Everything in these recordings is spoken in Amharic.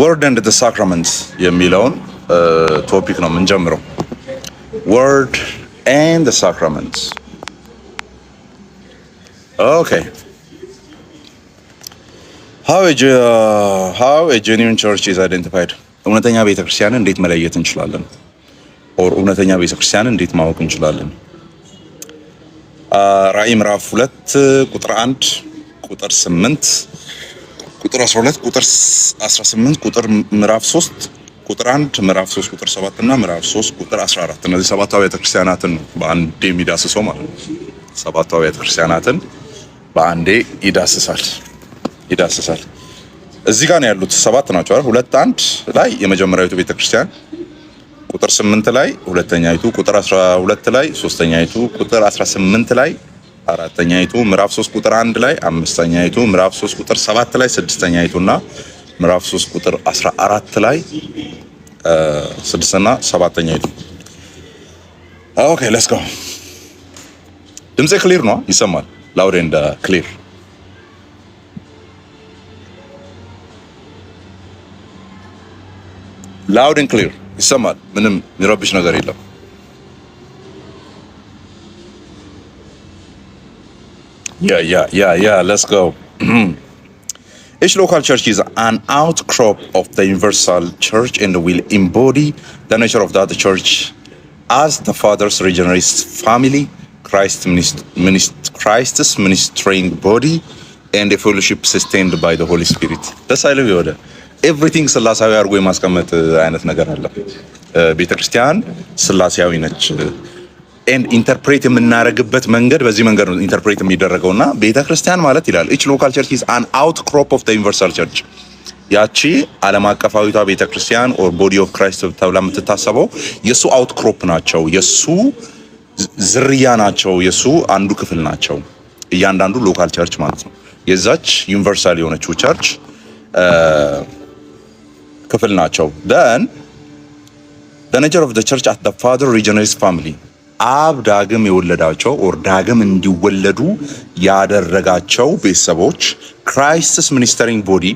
ወርድ ኤንድ ዘ የሚለውን ቶፒክ ነው የምንጀምረው። ወርድ ኤንድ ዘ ኦኬ ሃው ኤ ጄኒውን ቸርች ኢዝ አይደንቲፋይድ። እውነተኛ ቤተክርስቲያንን እንዴት መለየት እንችላለን? ኦር እውነተኛ ቤተክርስቲያንን እንዴት ማወቅ እንችላለን? ራእይ ምዕራፍ ሁለት ቁጥር አንድ ቁጥር ስምንት ቁጥር 12 ቁጥር 18 ቁጥር ምዕራፍ 3 ቁጥር 1 ምዕራፍ 3 ቁጥር 7 እና ምዕራፍ 3 ቁጥር 14 እነዚህ ሰባት አብያተ ክርስቲያናትን ነው በአንዴ የሚዳስሰው ማለት ነው። ሰባት አብያተ ክርስቲያናትን በአንዴ ይዳስሳል ይዳስሳል። እዚህ ጋር ነው ያሉት ሰባት ናቸው አይደል? ሁለት አንድ ላይ የመጀመሪያዊቱ ቤተ ክርስቲያን ቁጥር 8 ላይ ሁለተኛይቱ፣ ቁጥር 12 ላይ ሶስተኛይቱ፣ ቁጥር 18 ላይ አራተኛይቱ ምዕራፍ 3 ቁጥር 1 ላይ፣ አምስተኛይቱ ምዕራፍ 3 ቁጥር 7 ላይ፣ ስድስተኛይቱና ምዕራፍ 3 ቁጥር 14 ላይ ስድስትና ሰባተኛይቱ። ኦኬ ሌትስ ጎ። ድምጼ ክሊር ነው ይሰማል? ላውድ ኤንድ ክሊር ላውድ ኤንድ ክሊር ይሰማል። ምንም የሚረብሽ ነገር የለም። Yeah, yeah, yeah, yeah. Let's go. Each local church is an outcrop of the universal church and will embody the nature of that church as the Father's regenerate family, Christ's ministering body, and a fellowship sustained by the Holy Spirit. That's ደስ we የሆነ ኤቭሪቲንግ ስላሳዊ አድርጎ የማስቀመጥ አይነት ነገር አለ። ቤተ ክርስቲያን ስላሴያዊ ነች። ኢንተርፕሬት የምናደርግበት መንገድ በዚህ መንገድ ነው ኢንተርፕሬት የሚደረገው እና ቤተ ክርስቲያን ማለት ይላል ኢች ሎካል ቸርች ኢዝ አን አውት ክሮፕ ኦፍ ዩኒቨርሳል ቸርች ያቺ ዓለም አቀፋዊቷ ቤተ ክርስቲያን ኦር ቦዲ ኦፍ ክራይስት ተብላ የምትታሰበው የእሱ አውት ክሮፕ ናቸው፣ የእሱ ዝርያ ናቸው፣ የእሱ አንዱ ክፍል ናቸው። እያንዳንዱ ሎካል ቸርች ማለት ነው የዛች ዩኒቨርሳል የሆነችው ቸርች ክፍል ናቸው። ን ኔቸር ኦፍ ቸርች አት ፋር ሪጅናሊስት ፋሚሊ አብ ዳግም የወለዳቸው ኦር ዳግም እንዲወለዱ ያደረጋቸው ቤተሰቦች ክራይስትስ ሚኒስተሪንግ ቦዲ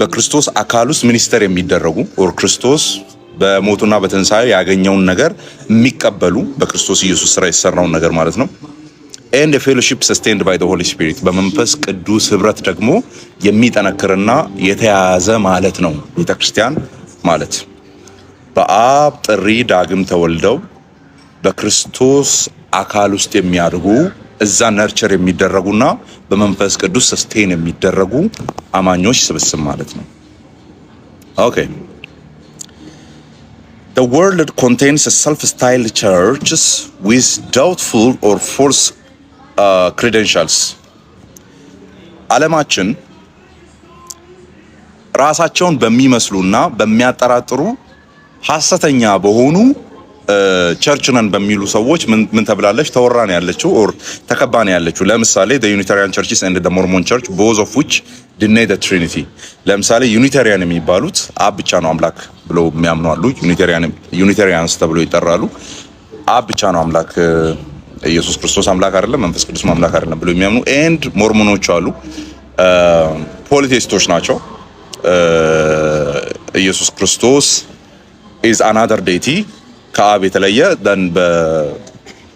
በክርስቶስ አካል ውስጥ ሚኒስተር የሚደረጉ ኦር ክርስቶስ በሞቱና በትንሣኤ ያገኘውን ነገር የሚቀበሉ በክርስቶስ ኢየሱስ ስራ የሰራውን ነገር ማለት ነው። ኤንድ ፌሎሺፕ ሰስቴንድ ባይ ሆሊ ስፒሪት በመንፈስ ቅዱስ ህብረት ደግሞ የሚጠነክርና የተያያዘ ማለት ነው ቤተክርስቲያን ማለት በአብ ጥሪ ዳግም ተወልደው በክርስቶስ አካል ውስጥ የሚያድጉ እዛ ነርቸር የሚደረጉና በመንፈስ ቅዱስ ሰስቴን የሚደረጉ አማኞች ስብስብ ማለት ነው። ኦኬ The world contains a self-styled churches with doubtful or false uh, credentials. ራሳቸውን በሚመስሉና በሚያጠራጥሩ ሐሰተኛ በሆኑ ቸርች ነን በሚሉ ሰዎች ምን ተብላለች? ተወራ ነው ያለችው ኦር ተከባ ነው ያለችው። ለምሳሌ ዩኒታሪያን ቸርችስ ኤንድ ሞርሞን ቸርች ቦዝ ኦፍ ዊች ድናይ ትሪኒቲ። ለምሳሌ ዩኒታሪያን የሚባሉት አብ ብቻ ነው አምላክ ብሎ የሚያምኑ አሉ። ዩኒታሪያንስ ተብለው ይጠራሉ። አብ ብቻ ነው አምላክ ኢየሱስ ክርስቶስ አምላክ አይደለም፣ መንፈስ ቅዱስ አምላክ አይደለም ብሎ የሚያምኑ ኤንድ ሞርሞኖች አሉ። ፖሊቴስቶች ናቸው። ኢየሱስ ክርስቶስ ኢዝ አናደር ዴቲ ከአብ የተለየ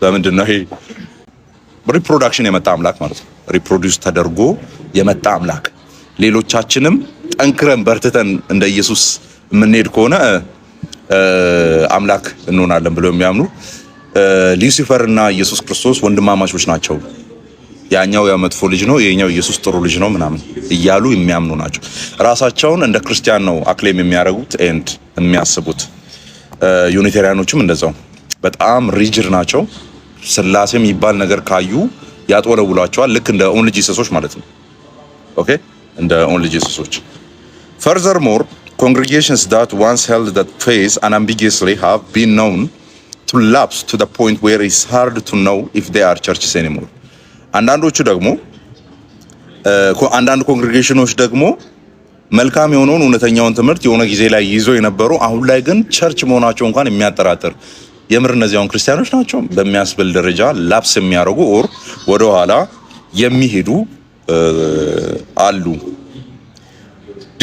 በምንድን ነው ይሄ ሪፕሮዳክሽን የመጣ አምላክ ማለት ነው። ሪፕሮዲውስ ተደርጎ የመጣ አምላክ። ሌሎቻችንም ጠንክረን በርትተን እንደ ኢየሱስ የምንሄድ ከሆነ አምላክ እንሆናለን ብለው የሚያምኑ ሊሲፈር እና ኢየሱስ ክርስቶስ ወንድማማቾች ናቸው። ያኛው ያመጥፎ ልጅ ነው፣ የኛው ኢየሱስ ጥሩ ልጅ ነው ምናምን እያሉ የሚያምኑ ናቸው። ራሳቸውን እንደ ክርስቲያን ነው አክሌም የሚያደርጉት ኤንድ የሚያስቡት ዩኒቴሪያኖችም እንደዛው በጣም ሪጅር ናቸው። ስላሴ የሚባል ነገር ካዩ ያጦለውሏቸዋል። ልክ እንደ ኦንሊ ጂሰሶች ማለት ነው። ኦኬ እንደ ኦንሊ ጂሰሶች ፈርዘር ሞር ኮንግሬጌሽንስ ዳት ዋንስ ሄልድ ዳት ፌዝ አንአምቢጊየስሊ ሃቭ ቢን ኖውን ቱ ላፕስ ቱ ዘ ፖይንት ዌር ሃርድ ቱ ኖው ኢፍ ዴ አር ቸርችስ ኤኒሞር አንዳንዶቹ ደግሞ አንዳንድ ኮንግሬጌሽኖች ደግሞ መልካም የሆነውን እውነተኛውን ትምህርት የሆነ ጊዜ ላይ ይዘው የነበሩ አሁን ላይ ግን ቸርች መሆናቸው እንኳን የሚያጠራጥር የምር እነዚያውን ክርስቲያኖች ናቸው በሚያስብል ደረጃ ላፕስ የሚያደርጉ ኦር ወደኋላ የሚሄዱ አሉ።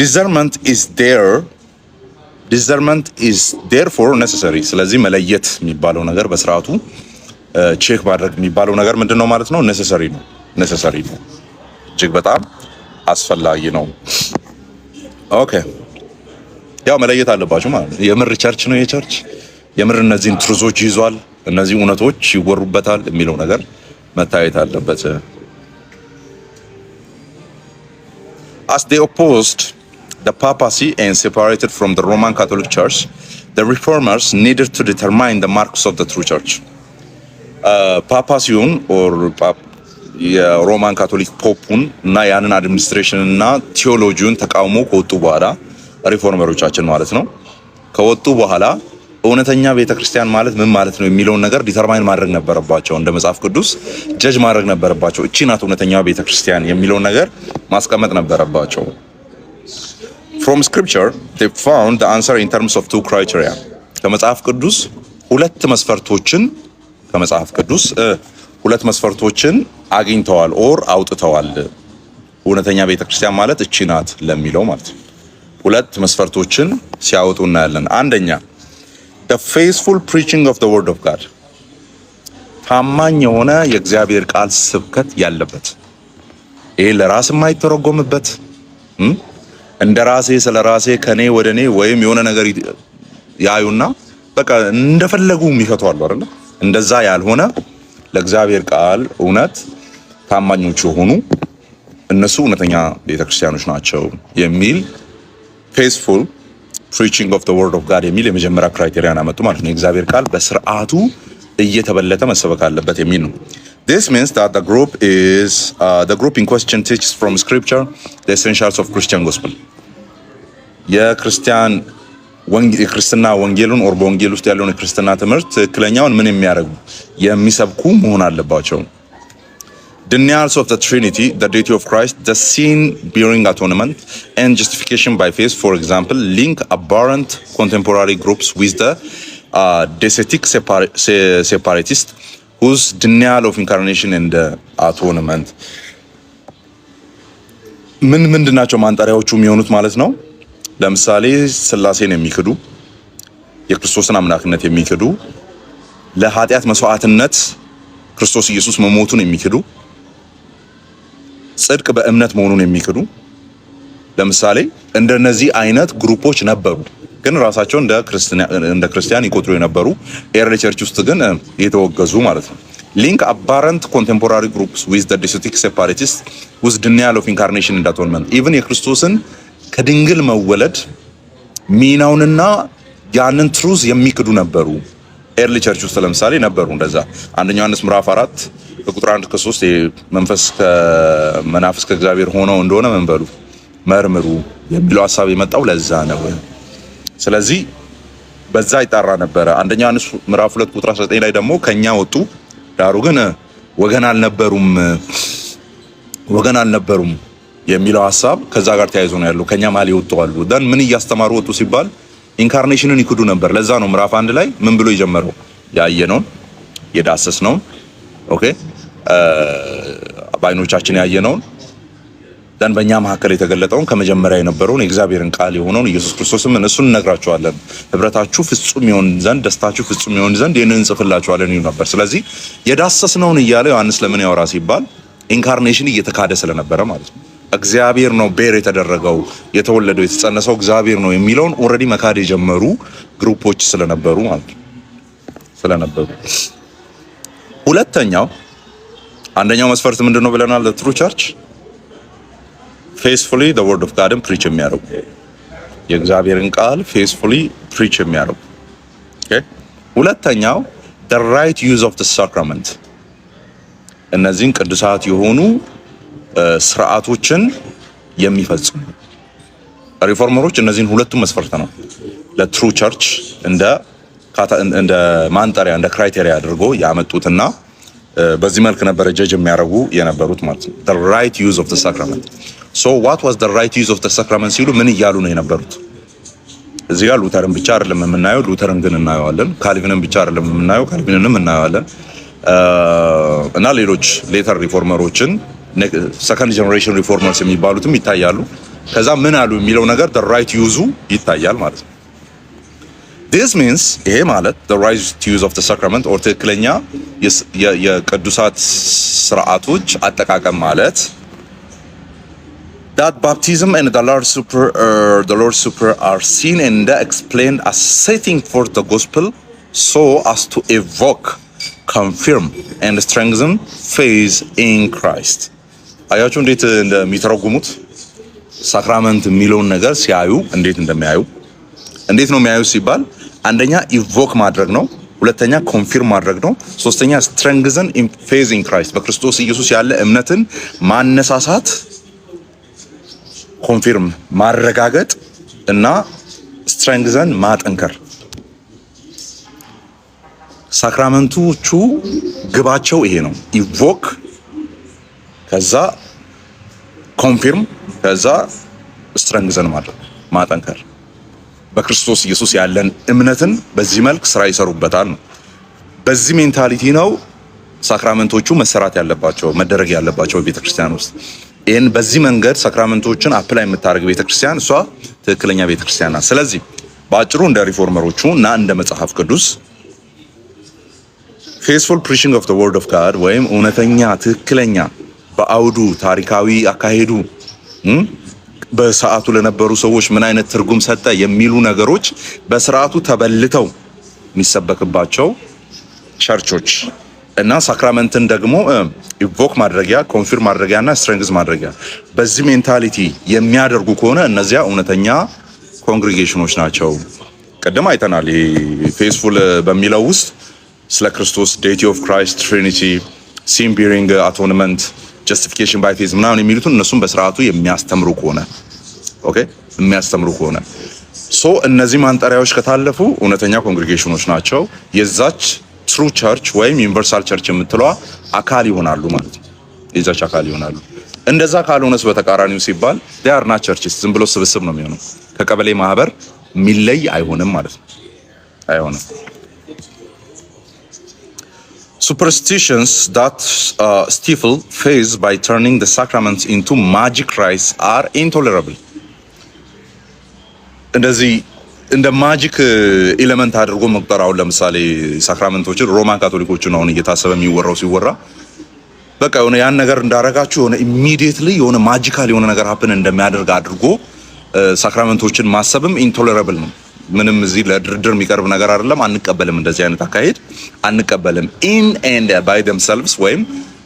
ዲዘርመንት ኢዝ ዴር ዲዘርመንት ኢዝ ዴር ፎር ነሰሰሪ። ስለዚህ መለየት የሚባለው ነገር በስርዓቱ ቼክ ማድረግ የሚባለው ነገር ምንድን ነው ማለት ነው? ነሰሰሪ ነው፣ ነሰሰሪ ነው፣ እጅግ በጣም አስፈላጊ ነው። ኦኬ ያው መለየት አለባቸው ማለት ነው። የምር ቸርች ነው የቸርች የምር እነዚህን ትርዞች ይዟል፣ እነዚህ እውነቶች ይወሩበታል የሚለው ነገር መታየት አለበት። አስ ዴ ኦፖዝድ the papacy and separated from the Roman Catholic Church, the reformers needed to determine the marks of the true church. Uh, papacy or የሮማን ካቶሊክ ፖፑን እና ያንን አድሚኒስትሬሽን እና ቴዎሎጂውን ተቃውሞ ከወጡ በኋላ ሪፎርመሮቻችን ማለት ነው ከወጡ በኋላ እውነተኛ ቤተክርስቲያን ማለት ምን ማለት ነው የሚለውን ነገር ዲተርማይን ማድረግ ነበረባቸው። እንደ መጽሐፍ ቅዱስ ጀጅ ማድረግ ነበረባቸው። እቺ ናት እውነተኛ ቤተክርስቲያን የሚለውን ነገር ማስቀመጥ ነበረባቸው። ፍሮም ስክሪፕቸር they found the answer in terms ከመጽሐፍ ቅዱስ ሁለት መስፈርቶችን ከመጽሐፍ ቅዱስ ሁለት መስፈርቶችን አግኝተዋል ኦር አውጥተዋል። እውነተኛ ቤተክርስቲያን ማለት እቺ ናት ለሚለው ማለት ነው። ሁለት መስፈርቶችን ሲያወጡ እናያለን። አንደኛ the faithful preaching of the word of God ታማኝ የሆነ የእግዚአብሔር ቃል ስብከት ያለበት ይሄ ለራስ የማይተረጎምበት እንደ ራሴ ስለ ራሴ ከኔ ወደ እኔ ወይም የሆነ ነገር ያዩና በቃ እንደፈለጉ ይፈቷሉ አይደል? እንደዛ ያልሆነ ለእግዚአብሔር ቃል እውነት ታማኞች የሆኑ እነሱ እውነተኛ ቤተክርስቲያኖች ናቸው የሚል ፌስፉል ፕሪቺንግ ኦፍ ወርድ ኦፍ ጋድ የሚል የመጀመሪያ ክራይቴሪያን አመጡ ማለት ነው። የእግዚአብሔር ቃል በስርዓቱ እየተበለጠ መሰበክ አለበት የሚል ነው። ስ ሚንስ ግሩፕ ኢን ኩዌስችን ቲችስ ፍሮም ስክሪፕቸር ኤሴንሻልስ ኦፍ ክርስቲያን ጎስፐል የክርስቲያን የክርስትና ወንጌሉን ኦር በወንጌል ውስጥ ያለውን የክርስትና ትምህርት ትክክለኛውን ምን የሚያደርጉ የሚሰብኩ መሆን አለባቸው። ድኒያልስ ኦፍ ትሪኒቲ ዴቲ ኦፍ ክራይስት ሲን ቢሪንግ አቶንመንት ን ጀስቲፊኬሽን ባይ ፌስ ፎር ኤግዛምፕል ሊንክ አባረንት ኮንቴምፖራሪ ግሩፕስ ዊዝ ደሴቲክ ሴፓሬቲስት ሁዝ ድኒያል ኦፍ ኢንካርኔሽን እንደ አቶንመንት ምን ምንድናቸው ማንጠሪያዎቹ የሚሆኑት ማለት ነው። ለምሳሌ ስላሴን የሚክዱ የክርስቶስን አምላክነት የሚክዱ ለኃጢአት መስዋዕትነት ክርስቶስ ኢየሱስ መሞቱን የሚክዱ ጽድቅ በእምነት መሆኑን የሚክዱ ለምሳሌ እንደነዚህ አይነት ግሩፖች ነበሩ፣ ግን ራሳቸው እንደ ክርስቲያን ይቆጥሩ የነበሩ ኤርሊ ቸርች ውስጥ ግን የተወገዙ ማለት ነው። ሊንክ አባረንት ኮንቴምፖራሪ ግሩፕስ ዊዝ ዲስቲንክት ሴፓሬቲስት ዊዝ ድናያል ኦፍ ኢንካርኔሽን ኢን ዳት ኢቭን የክርስቶስን ከድንግል መወለድ ሚናውንና ያንን ትሩዝ የሚክዱ ነበሩ። ኤርሊ ቸርች ውስጥ ለምሳሌ ነበሩ እንደዛ። አንደኛ ዮሐንስ ምዕራፍ አራት ቁጥር አንድ ከሶስት መንፈስ ከመናፍስ ከእግዚአብሔር ሆነው እንደሆነ መንበሉ መርምሩ የሚለው ሀሳብ የመጣው ለዛ ነው። ስለዚህ በዛ ይጣራ ነበረ። አንደኛ ዮሐንስ ምዕራፍ ሁለት ቁጥር 19 ላይ ደግሞ ከኛ ወጡ፣ ዳሩ ግን ወገን አልነበሩም ወገን አልነበሩም የሚለው ሀሳብ ከዛ ጋር ተያይዞ ነው ያለው። ከኛ መሀል አሉ ዳን ምን እያስተማሩ ወጡ ሲባል ኢንካርኔሽንን ይክዱ ነበር። ለዛ ነው ምዕራፍ አንድ ላይ ምን ብሎ የጀመረው ያየነውን የዳሰስነውን ኦኬ በአይኖቻችን ያየነውን ዳን በእኛ መካከል የተገለጠውን ከመጀመሪያ የነበረውን የእግዚአብሔርን ቃል የሆነውን ኢየሱስ ክርስቶስም እሱን እነግራችኋለን፣ ህብረታችሁ ፍጹም ይሆን ዘንድ ደስታችሁ ፍጹም ይሆን ዘንድ ይህንን እንጽፍላችኋለን ይሉ ነበር። ስለዚህ የዳሰስነውን እያለ ዮሐንስ ለምን ያወራ ሲባል ኢንካርኔሽን እየተካደ ስለነበረ ማለት ነው። እግዚአብሔር ነው ቤር የተደረገው የተወለደው የተጸነሰው እግዚአብሔር ነው የሚለውን ኦልሬዲ መካድ የጀመሩ ግሩፖች ስለነበሩ ማለት ስለነበሩ ሁለተኛው አንደኛው መስፈርት ምንድን ነው ብለናል? ለትሩ ቸርች ፌስፉሊ ዘ ወርድ ኦፍ ጋድን ፕሪች የሚያደርጉ የእግዚአብሔርን ቃል ፌስፉሊ ፕሪች የሚያደርጉ ሁለተኛው ራይት ዩዝ ኦፍ ሳክራመንት እነዚህን ቅዱሳት የሆኑ ስርዓቶችን የሚፈጽሙ ሪፎርመሮች እነዚህን ሁለቱም መስፈርት ነው ለትሩ ቸርች እንደ እንደ ማንጠሪያ እንደ ክራይቴሪያ አድርጎ ያመጡትና በዚህ መልክ ነበረ ጀጅ የሚያደርጉ የነበሩት ማለት ነው። the right use of the sacrament so what was the right use of the sacrament ሲሉ ምን እያሉ ነው የነበሩት? እዚህ ጋር ሉተርን ብቻ አይደለም የምናየው፣ ሉተርን ግን እናየዋለን። ካልቪንን ብቻ አይደለም የምናየው፣ ካልቪንንም እናየዋለን እና ሌሎች ሌተር ሪፎርመሮችን ሰከንድ ጀኔሬሽን ሪፎርመርስ የሚባሉትም ይታያሉ። ከዛ ምን አሉ የሚለው ነገር the right use ይታያል ማለት ነው። this means ይሄ ማለት the right use of the sacrament or ትክክለኛ የቅዱሳት ስርዓቶች አጠቃቀም ማለት that baptism and the lord's supper uh, the lord's supper are seen and explained as setting forth the gospel so as to evoke confirm and strengthen faith in Christ አያችሁ እንዴት እንደሚተረጉሙት ሳክራመንት የሚለውን ነገር ሲያዩ እንዴት እንደሚያዩ እንዴት ነው የሚያዩ ሲባል አንደኛ ኢቮክ ማድረግ ነው። ሁለተኛ ኮንፊርም ማድረግ ነው። ሶስተኛ ስትረንግዘን ኢን ፌዝ ኢን ክራይስት በክርስቶስ ኢየሱስ ያለ እምነትን ማነሳሳት፣ ኮንፊርም ማረጋገጥ እና ስትረንግዘን ማጠንከር። ሳክራመንቶቹ ግባቸው ይሄ ነው ኢቮክ ከዛ ኮንፊርም ከዛ ስትረንግዘን ማድረግ ማጠንከር በክርስቶስ ኢየሱስ ያለን እምነትን በዚህ መልክ ስራ ይሰሩበታል ነው። በዚህ ሜንታሊቲ ነው ሳክራመንቶቹ መሰራት ያለባቸው መደረግ ያለባቸው ቤተክርስቲያን ውስጥ። ይህን በዚህ መንገድ ሳክራመንቶችን አፕላይ የምታደርግ ቤተክርስቲያን እሷ ትክክለኛ ቤተክርስቲያን ናት። ስለዚህ በአጭሩ እንደ ሪፎርመሮቹ እና እንደ መጽሐፍ ቅዱስ ፌስፉል ፕሪሽንግ ኦፍ ወርድ ኦፍ ጋድ ወይም እውነተኛ ትክክለኛ በአውዱ ታሪካዊ አካሄዱ በሰዓቱ ለነበሩ ሰዎች ምን አይነት ትርጉም ሰጠ የሚሉ ነገሮች በስርዓቱ ተበልተው የሚሰበክባቸው ቸርቾች እና ሳክራመንትን ደግሞ ኢቮክ ማድረጊያ ኮንፊርም ማድረጊያና ስትሬንግዝ ማድረጊያ በዚህ ሜንታሊቲ የሚያደርጉ ከሆነ እነዚያ እውነተኛ ኮንግሪጌሽኖች ናቸው። ቅድም አይተናል። ይሄ ፌስፉል በሚለው ውስጥ ስለ ክርስቶስ ዴቲ ኦፍ ክራይስት ትሪኒቲ ሲምቢሪንግ አቶንመንት ጀስቲፊኬሽን ባይ ፌዝ ምናምን የሚሉትን እነሱም በስርዓቱ የሚያስተምሩ ከሆነ ኦኬ የሚያስተምሩ ከሆነ ሶ እነዚህ ማንጠሪያዎች ከታለፉ እውነተኛ ኮንግሪጌሽኖች ናቸው። የዛች ትሩ ቸርች ወይም ዩኒቨርሳል ቸርች የምትለዋ አካል ይሆናሉ ማለት ነው። የዛች አካል ይሆናሉ። እንደዛ ካልሆነስ በተቃራኒው ሲባል ዲያርና ቸርችስ ዝም ብሎ ስብስብ ነው የሚሆነው። ከቀበሌ ማህበር የሚለይ አይሆንም ማለት ነው። አይሆንም። Superstitions that uh, stifle faith by turning the sacraments into magic rites are intolerable። እንደዚህ እንደ ማጂክ ኤሌመንት uh, አድርጎ መቁጠር አሁን ለምሳሌ ሳክራመንቶችን ሮማን ካቶሊኮችን አሁን እየታሰበ የሚወራው ሲወራ በቃ የሆነ ያን ነገር እንዳረጋችሁ የሆነ ኢሚዲየትሊ የሆነ ማጂካል የሆነ ነገር ሀፕን እንደሚያደርግ አድርጎ uh, ሳክራመንቶችን ማሰብም ኢንቶለረብል ነው። ምንም እዚህ ለድርድር የሚቀርብ ነገር አይደለም። አንቀበልም፣ እንደዚህ አይነት አካሄድ አንቀበልም። ኢን ኤንድ ባይ ደምሰልቭስ ወይም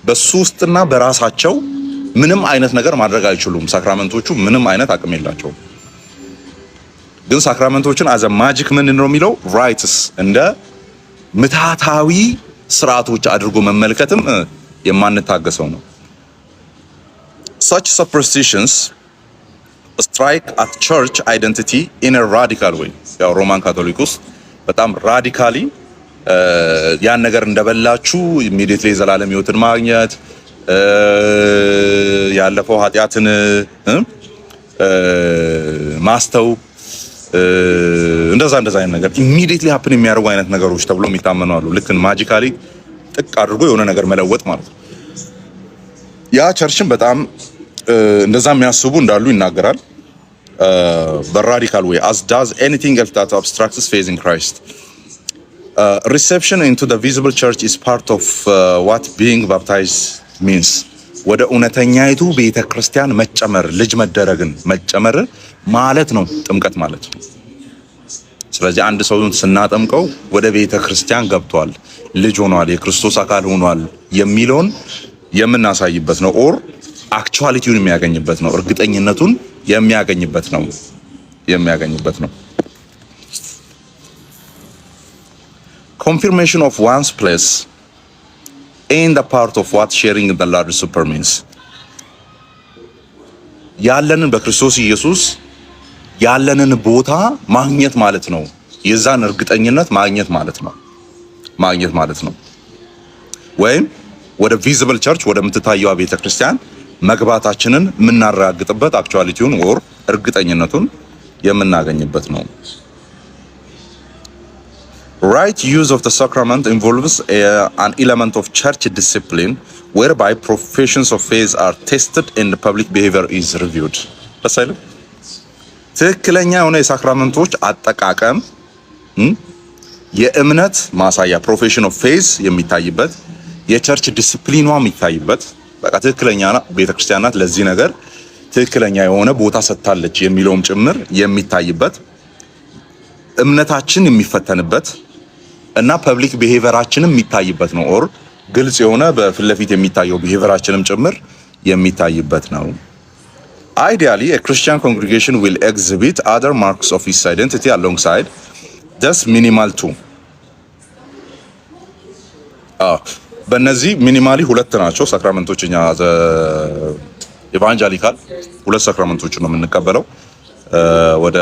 በሱ ውስጥና በራሳቸው ምንም አይነት ነገር ማድረግ አይችሉም። ሳክራመንቶቹ ምንም አይነት አቅም የላቸውም። ግን ሳክራመንቶችን አዘ ማጂክ ምንድን ነው የሚለው ራይትስ እንደ ምታታዊ ስርዓቶች አድርጎ መመልከትም የማንታገሰው ነው። ሰች ሱፐርስቲሽንስ ስትራይክ አት ቸርች አይደንቲቲ ኢን ራዲካል ወይ ያው ሮማን ካቶሊክ ውስጥ በጣም ራዲካሊ ያን ነገር እንደበላችሁ ኢሚዲየትሊ የዘላለም ህይወትን ማግኘት ያለፈው ኃጢአትን ማስተው እንደዛ እንደዛ አይነት ነገር ኢሚዲየትሊ ሀፕን የሚያደርጉ አይነት ነገሮች ተብሎ የሚታመኑ አሉ። ልክ ማጂካሊ ጥቅ አድርጎ የሆነ ነገር መለወጥ ማለት ነው። ያ ቸርችን በጣም እንደዛ የሚያስቡ እንዳሉ ይናገራል። በራዲካል ዌይ አስ ዳዝ ኤኒቲንግ ኤልስ ዳት አብስትራክትስ ፌዝ ኢን ክራይስት ሪሴፕሽን ኢንቱ ዘ ቪዚብል ቸርች ኢዝ ፓርት ኦፍ ዋት ቢይንግ ባፕታይዝ ሚንስ ወደ እውነተኛይቱ ቤተ ክርስቲያን መጨመር ልጅ መደረግን መጨመር ማለት ነው ጥምቀት ማለት ነው። ስለዚህ አንድ ሰውን ስናጠምቀው ወደ ቤተ ክርስቲያን ገብቷል፣ ልጅ ሆኗል፣ የክርስቶስ አካል ሆኗል የሚለውን የምናሳይበት ነው። ኦር አክቹዋሊቲውን የሚያገኝበት ነው እርግጠኝነቱን የሚያገኝበት ነው የሚያገኝበት ነው። ኮንፊርሜሽን of one's place in the part of what sharing the ላርድ super means ያለንን በክርስቶስ ኢየሱስ ያለንን ቦታ ማግኘት ማለት ነው። የዛን እርግጠኝነት ማግኘት ማለት ነው ማግኘት ማለት ነው። ወይም ወደ ቪዚብል ቸርች ወደ ምትታየዋ ቤተ ክርስቲያን መግባታችንን የምናረጋግጥበት አክቹዋሊቲውን ወር እርግጠኝነቱን የምናገኝበት ነው። ራይት ዩዝ ኦፍ ዘ ሳክራመንት ኢንቮልቭስ አን ኤለመንት ኦፍ ቸርች ዲሲፕሊን ባይ ፕሮፌሽንስ ኦፍ ፌዝ አር ቴስትድ ኤንድ ፐብሊክ ቢሄቪየር ኢዝ ሪቪውድ። ደስ አይልም? ትክክለኛ የሆነ የሳክራመንቶች አጠቃቀም የእምነት ማሳያ ፕሮፌሽን ኦፍ ፌዝ የሚታይበት የቸርች ዲስፕሊኗ የሚታይበት በቃ ትክክለኛ ቤተክርስቲያን ናት ለዚህ ነገር ትክክለኛ የሆነ ቦታ ሰጥታለች የሚለውም ጭምር የሚታይበት እምነታችን የሚፈተንበት እና ፐብሊክ ቢሄቨራችንም የሚታይበት ነው። ኦር ግልጽ የሆነ በፊት ለፊት የሚታየው ቢሄቨራችንም ጭምር የሚታይበት ነው። አይዲያሊ የክርስቲያን ኮንግሪጌሽን ዊል ኤግዚቢት አደር ማርክስ ኦፍ ሂስ አይደንቲቲ አሎንግሳይድ ደስ ሚኒማል ቱ በእነዚህ ሚኒማሊ ሁለት ናቸው ሳክራመንቶች። እኛ ኢቫንጀሊካል ሁለት ሳክራመንቶች ነው የምንቀበለው። ወደ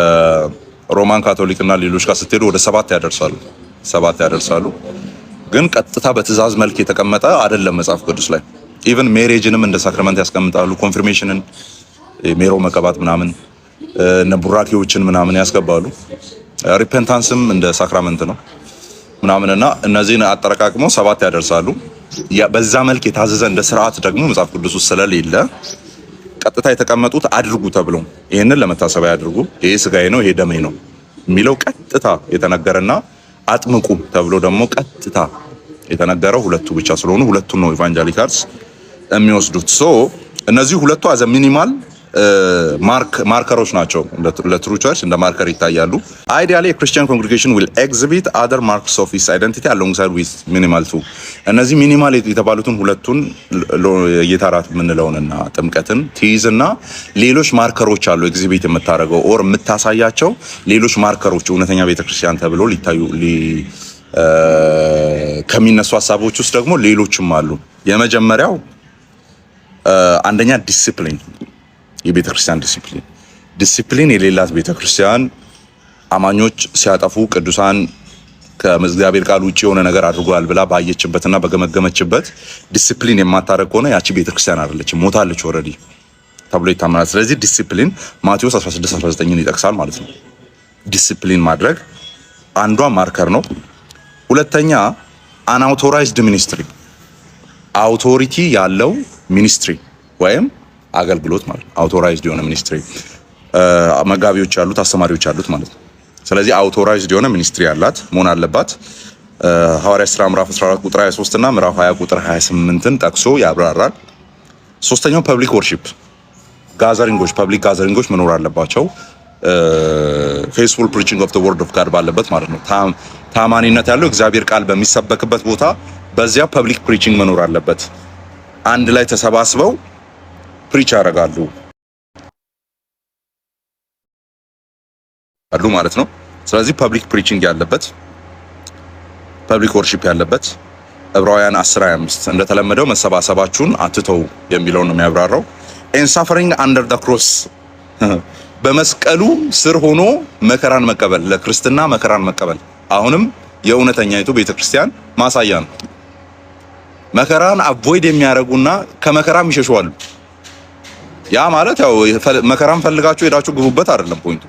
ሮማን ካቶሊክ እና ሌሎች ጋር ስትሄዱ ወደ ሰባት ያደርሳሉ፣ ሰባት ያደርሳሉ። ግን ቀጥታ በትእዛዝ መልክ የተቀመጠ አይደለም መጽሐፍ ቅዱስ ላይ። ኢቨን ሜሬጅንም እንደ ሳክራመንት ያስቀምጣሉ። ኮንፊርሜሽንን፣ ሜሮ መቀባት ምናምን እነ ቡራኬዎችን ምናምን ያስገባሉ። ሪፔንታንስም እንደ ሳክራመንት ነው። ምናምንና እነዚህን አጠረቃቅመው ሰባት ያደርሳሉ። በዛ መልክ የታዘዘ እንደ ስርዓት ደግሞ መጽሐፍ ቅዱስ ውስጥ ስለሌለ ቀጥታ የተቀመጡት አድርጉ ተብሎ ይህንን ለመታሰቢያ ያድርጉ፣ ይሄ ስጋዬ ነው፣ ይሄ ደሜ ነው የሚለው ቀጥታ የተነገረና አጥምቁ ተብሎ ደግሞ ቀጥታ የተነገረው ሁለቱ ብቻ ስለሆኑ ሁለቱን ነው ኢቫንጀሊካልስ የሚወስዱት። ሶ እነዚህ ሁለቱ አዘ ሚኒማል ማርከሮች ናቸው። ለትሩ ቸርች እንደ ማርከር ይታያሉ። አይዲያሊ የክርስቲያን ኮንግሪጌሽን ዊል ኤግዚቢት አደር ማርክስ ኦፍ ኢስ አይደንቲቲ አሎንግሳይድ ዊዝ ሚኒማል ቱ እነዚህ ሚኒማል የተባሉትን ሁለቱን የታራት የምንለውንና ጥምቀትን ትይዝ እና ሌሎች ማርከሮች አሉ ኤግዚቢት የምታደርገው ኦር የምታሳያቸው ሌሎች ማርከሮች እውነተኛ ቤተክርስቲያን ተብሎ ሊታዩ ከሚነሱ ሀሳቦች ውስጥ ደግሞ ሌሎችም አሉ። የመጀመሪያው አንደኛ ዲሲፕሊን የቤተ ክርስቲያን ዲሲፕሊን ዲሲፕሊን የሌላት ቤተ ክርስቲያን አማኞች ሲያጠፉ ቅዱሳን ከእግዚአብሔር ቃል ውጭ የሆነ ነገር አድርጓል ብላ ባየችበትና በገመገመችበት ዲሲፕሊን የማታደርግ ከሆነ ያቺ ቤተክርስቲያን አይደለች፣ ሞታለች ኦልሬዲ ተብሎ ይታመናል። ስለዚህ ዲሲፕሊን ማቴዎስ 1619 ን ይጠቅሳል ማለት ነው። ዲሲፕሊን ማድረግ አንዷ ማርከር ነው። ሁለተኛ አንአውቶራይዝድ ሚኒስትሪ፣ አውቶሪቲ ያለው ሚኒስትሪ ወይም አገልግሎት ማለት አውቶራይዝድ የሆነ ሚኒስትሪ መጋቢዎች አሉት፣ አስተማሪዎች አሉት ማለት ነው። ስለዚህ አውቶራይዝድ የሆነ ሚኒስትሪ ያላት መሆን አለባት። ሐዋርያ ስራ ምዕራፍ 14 ቁጥር 23 እና ምዕራፍ 20 ቁጥር 28ን ጠቅሶ ያብራራል። ሶስተኛው ፐብሊክ ወርሺፕ ጋዘሪንጎች፣ ፐብሊክ ጋዘሪንጎች መኖር አለባቸው። ፌስፉል ፕሪቺንግ ኦፍ ዘ ወርድ ኦፍ ጋድ ባለበት ማለት ነው። ታማኒነት ያለው እግዚአብሔር ቃል በሚሰበክበት ቦታ በዚያ ፐብሊክ ፕሪቺንግ መኖር አለበት። አንድ ላይ ተሰባስበው ፕሪች ያደርጋሉ አሉ ማለት ነው። ስለዚህ ፐብሊክ ፕሪቺንግ ያለበት ፐብሊክ ወርሺፕ ያለበት ዕብራውያን 10:25 እንደተለመደው መሰባሰባችሁን አትተው የሚለው ነው የሚያብራራው። ኤን ሳፈሪንግ አንደር ዳ ክሮስ በመስቀሉ ስር ሆኖ መከራን መቀበል ለክርስትና መከራን መቀበል አሁንም የእውነተኛይቱ ቤተክርስቲያን ማሳያ ነው። መከራን አቮይድ የሚያደርጉና ከመከራም ይሸሸዋሉ። ያ ማለት ያው መከራም ፈልጋችሁ ሄዳችሁ ግቡበት አይደለም ፖይንቱ።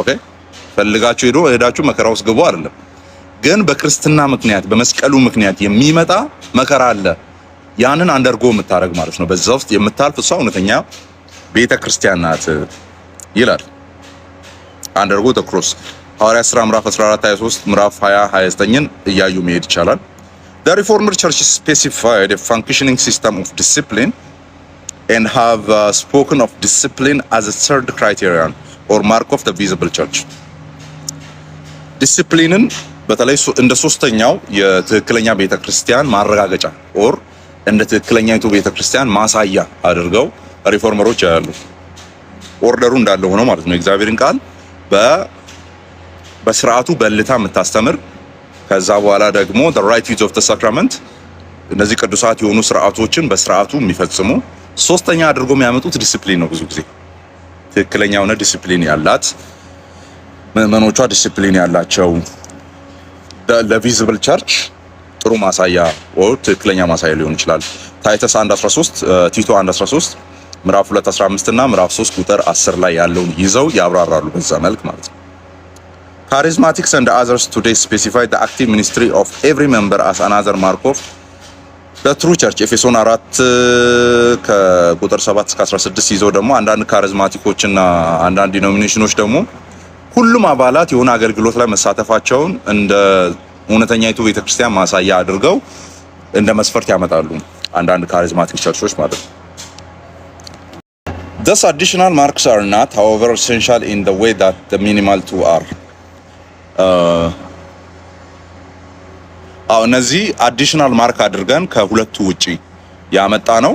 ኦኬ ፈልጋችሁ ሄዶ ሄዳችሁ መከራ ውስጥ ግቡ አይደለም። ግን በክርስትና ምክንያት በመስቀሉ ምክንያት የሚመጣ መከራ አለ። ያንን አንደርጎ የምታደርግ ማለት ነው። በዛ ውስጥ የምታልፍ እሷ እውነተኛ ቤተ ክርስቲያን ናት ይላል። አንደርጎ ተክሮስ ሐዋርያት ሥራ ምዕራፍ 14 23 ምዕራፍ 20 29ን እያዩ መሄድ ይቻላል። ዘ ሪፎርምድ ቸርች ስፔሲፋይድ ፋንክሽኒንግ ሲስተም ኦፍ ዲሲፕሊን and have uh, spoken of discipline as a third criterion or mark of the visible church ዲሲፕሊንን በተለይ እንደ ሶስተኛው የትክክለኛ ቤተክርስቲያን ማረጋገጫ ኦር እንደ ትክክለኛይቱ ቤተክርስቲያን ማሳያ አድርገው ሪፎርመሮች ያሉ ኦርደሩ እንዳለ ሆነው ማለት ነው። የእግዚአብሔርን ቃል በስርዓቱ በልታ የምታስተምር ከዛ በኋላ ደግሞ the right use of the sacrament እነዚህ ቅዱሳት የሆኑ ስርዓቶችን በስርዓቱ የሚፈጽሙ ሶስተኛ አድርጎ የሚያመጡት ዲስፕሊን ነው። ብዙ ጊዜ ትክክለኛ የሆነ ዲስፕሊን ያላት ምዕመኖቿ ዲስፕሊን ያላቸው ለቪዝብል ቸርች ጥሩ ማሳያ ትክክለኛ ማሳያ ሊሆን ይችላል። ታይተስ 1:13 ቲቶ 1:13 ምዕራፍ 2:15 እና ምዕራፍ 3 ቁጥር 10 ላይ ያለውን ይዘው ያብራራሉ። በዛ መልክ ማለት ነው። ካሪዝማቲክስ ኤንድ አዘርስ ቱዴይ ስፔሲፋይ ዘ አክቲቭ ሚኒስትሪ ኦፍ ኤቭሪ ሜምበር አስ አናዘር ማርክ ኦፍ ለትሩ ቸርች ኤፌሶን አራት ከቁጥር 7 እስከ 16 ይዘው ደግሞ አንዳንድ ካሪዝማቲኮችና አንዳንድ ዲኖሚኔሽኖች ደግሞ ሁሉም አባላት የሆነ አገልግሎት ላይ መሳተፋቸውን እንደ እውነተኛይቱ ቤተክርስቲያን ማሳያ አድርገው እንደ መስፈርት ያመጣሉ። አንዳንድ ካሪዝማቲክ ቸርቾች ማለት ነው። Thus additional marks are not however essential in the way that the minimal two are. አዎ እነዚህ አዲሽናል ማርክ አድርገን ከሁለቱ ውጪ ያመጣ ነው።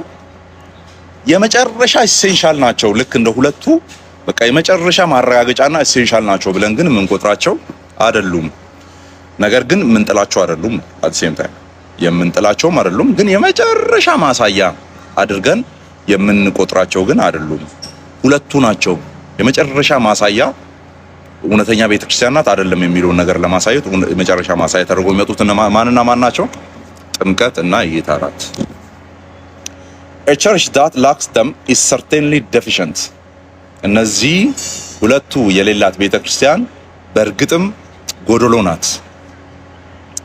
የመጨረሻ ኢሴንሻል ናቸው። ልክ እንደ ሁለቱ በቃ የመጨረሻ ማረጋገጫና ኢሴንሻል ናቸው ብለን ግን የምንቆጥራቸው አይደሉም። ነገር ግን የምንጥላቸው አይደሉም። አት ሴም ታይም የምንጥላቸውም አይደሉም። ግን የመጨረሻ ማሳያ አድርገን የምንቆጥራቸው ግን አይደሉም። ሁለቱ ናቸው የመጨረሻ ማሳያ እውነተኛ ቤተክርስቲያን ናት አይደለም የሚለውን ነገር ለማሳየት መጨረሻ ማሳያ ተደርጎ የሚመጡት ማንና ማን ናቸው? ጥምቀት እና ጌታ ናት። a church that lacks them is certainly deficient እነዚህ ሁለቱ የሌላት ቤተክርስቲያን በእርግጥም ጎደሎ ናት፣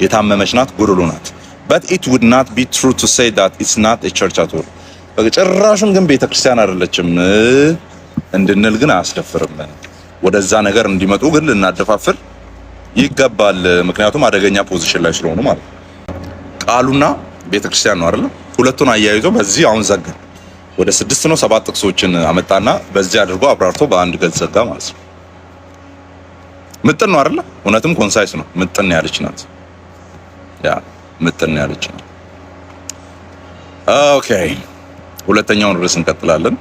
የታመመች ናት፣ ጎደሎ ናት። but it would not be true to say that it's not a church at all ጭራሹን ግን ቤተክርስቲያን አይደለችም እንድንል ግን አያስደፍርም። ወደዛ ነገር እንዲመጡ ግን ልናደፋፍር ይገባል። ምክንያቱም አደገኛ ፖዚሽን ላይ ስለሆኑ ማለት ቃሉና ቤተክርስቲያን ነው አይደለም። ሁለቱን አያይዞ በዚህ አሁን ዘጋ ወደ ስድስት ነው ሰባት ጥቅሶችን አመጣና በዚህ አድርጎ አብራርቶ በአንድ ገጽ ዘጋ ማለት ነው። ምጥን ነው አይደለ? እውነትም ኮንሳይስ ነው። ምጥን ያለች ናት። ያ ምጥን ያለች ናት። ኦኬ፣ ሁለተኛውን ርዕስ እንቀጥላለን።